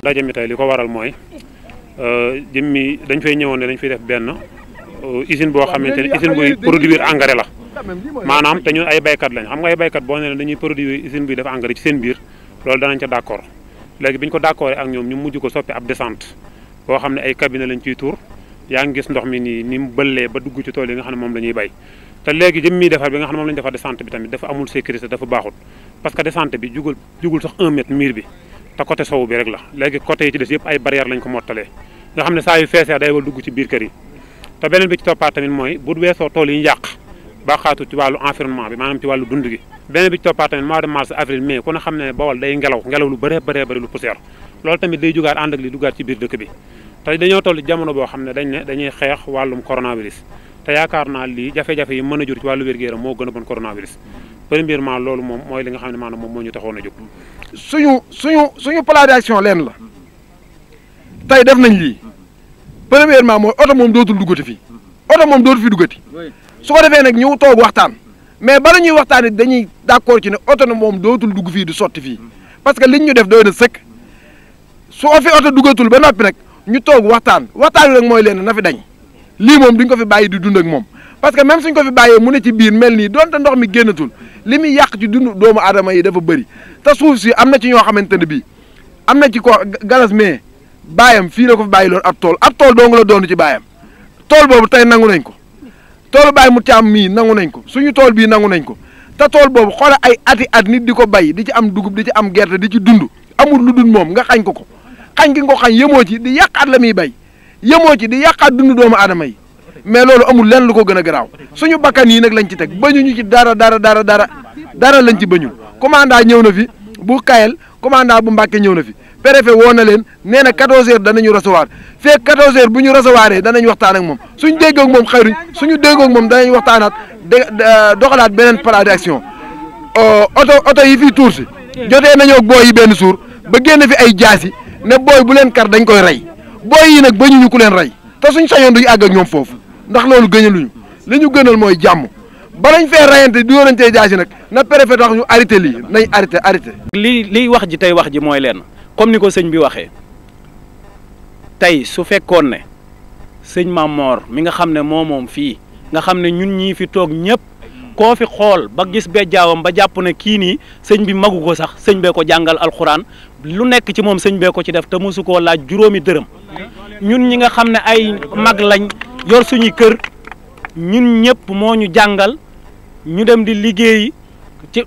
ndaje mi li ko waral mooy euh, jëmmi dañ fay ñëwoon ne dañ fiy def benn euh, usine boo xamante ne usine buy produire engrais la maanaam te ñun ay baykat lañ xam nga ay baykat boo nee dañuy produire usine buy def engrais ci seen biir loolu danañ ca d' accord léegi bi ñu ko d' ak ñoom ñu mujj ko soppi ab descente boo xam ne ay cabinet lañ ciy tuur yaa ngi gis ndox mi nii ni mu bëllee ba dugg ci tool yi nga xam ne moom la ñuy bay te léegi jëm mi defar bi nga xam ne moom la ñu defar descente bi tamit dafa amul sécurité dafa baaxul parce que descente bi jugul jugul sax un mètre mur te côté sowu bi rek la léegi coté yi ci des yëpp ay barrière lañ ko mottalee nga xam ne saa yu feesee day wal dugg ci biir kër yi te beneen bi ci toppaat tamit mooy bu weesoo tool yi ñu yàq ci wàllu environnement bi maanaam ci wàllu dund gi beneen bi ci toppaat tamit mois de mars avril mai ku ne xam ne Bawol day ngelaw ngelaw lu bëree bëree bëri lu poussière loolu tamit day jugaat ànd ak li dugaat ci biir dëkk bi te dañoo toll jamono boo xam ne dañ ne dañuy xeex wàllum coronavirus te yaakaar naa lii jafe-jafe yi mën a jur ci wàllu wér-gu-yaram moo gën a bon premièrement loolu moom mooy li nga xam ne maanaam moom moo ñu taxoon a jóg. suñu suñu suñu plan leen la tey def nañ lii premièrement mooy oto moom dootul duggati fii oto moom dootul fi duggati su ko defee nag ñu toog waxtaan mais bala ñuy waxtaan it dañuy d'accord ci ne oto na moom dootul dugg fii di sotti fii parce que liñ ñu def doy na sëkk su o fi oto duggatul ba noppi nag ñu toog waxtaan waxtaan bi nag mooy leen na fi dañ lii moom duñ ko fi bàyyi di dund ak moom parce que même suñ ko fi bàyyee mu ne ci biir mel nii donte ndox mi génnatul li muy yàq ci dundu doomu aadama yi dafa bëri te suuf si am na ci ñoo xamante ne bii am na ci ko galas mais baayam fii la ko fi bàyyi loon ab tool ab tool dong la doon ci baayam tool boobu tey nangu nañ ko toolu baay mu caam mii nangu nañ ko suñu tool bii nangu nañ ko te tool boobu xoola ay ati at nit di ko bay di ci am dugub di ci am gerte di ci dund amul lu dun moom nga xañ ko ko xañ ki nga ko xañ yemoo ci di yàqaat la muy bay yemoo ci di yàqaat dund doomu aadama yi mais loolu amul lenn lu ko gën a garaaw suñu bakkan yi nag lañ ci teg ñu ci dara dara dara dara dara lañ ci bañul commandant ñëw na fi bu Kayel commandant bu Mbàkke ñëw na fi préfet woo na leen nee na 14h danañu recevoir feeg 14 bu ñu recevoir danañ waxtaan ak moom suñ déggoo moom xayruñ suñu déggoo ak moom danañ waxtaanaat doxalaat beneen plan d'action euh, oto oto yi fii tuur si jotee nañoo ak booy yi benn suur ba génn fi ay jaasi ne booy bu leen kar dañ koy rey booy yi nag bañuñu ku leen rey te suñ sañoon duñu àgg ak ñoom foofu. ndax loolu gënaluñu li ñu gënal mooy jàmm balañ fee rayante di yoorantee jaasi nag na préfet tax ñu arrêté lii nañ arrêté arrêté. lii liy wax ji tey wax ji mooy lenn comme ni ko sëñ bi waxee tey su fekkoon ne sëñ mamoor mi nga xam ne moo moom fii nga xam ne ñun ñii fi toog ñëpp koo fi xool ba gis bejaawam ba jàpp ne kii nii sëñ bi magu ko sax sëñ bee ko jàngal alxuraan lu nekk ci moom sëñ bee ko ci def te mosu koo laaj juróomi dërëm ñun ñi nga xam ne ay mag lañ. yor suñu kër ñun ñëpp moo ñu jàngal ñu dem di liggéeyi ci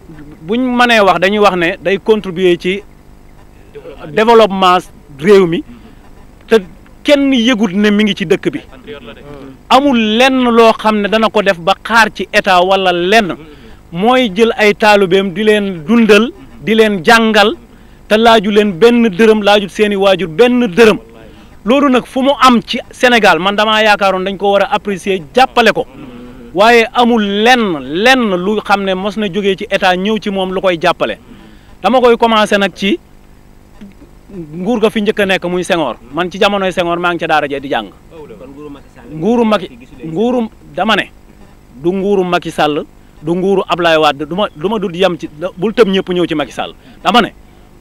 buñ mënee wax dañuy wax ne day contribuer ci développement réew mi te kenn yëgut ne mi ngi ci dëkk bi amul lenn loo xam ne dana ko def ba xaar ci état walla lenn mooy jël ay taalubeem di leen dundal di leen jàngal te laaju leen benn dërëm laajut seeni waajur benn dërëm loolu nag fu mu am ci Sénégal man damaa yaakaaroon dañ ko war a apprécier jàppale ko waaye amul lenn lenn lu xam ne mos na jógee ci état ñëw ci moom lu koy jàppale dama koy commencé nag ci nguur ga fi njëkk nekk muy sengoor man ci jamonoy sengoor maa ngi ca daara jee di jàng nguuru Macky nguuru dama ne du nguuru maki sàll du nguur Ablaye Wade du ma du ma dul yem ci bul tëb ñëpp ñëw ci maki sàll dama ne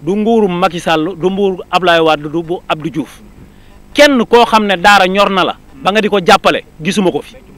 du nguuru Macky sàll du mbuur Ablaye Wade du bu Abdou juuf kenn koo xam ne daara ñor na la ba nga di ko jàppale gisuma ko fi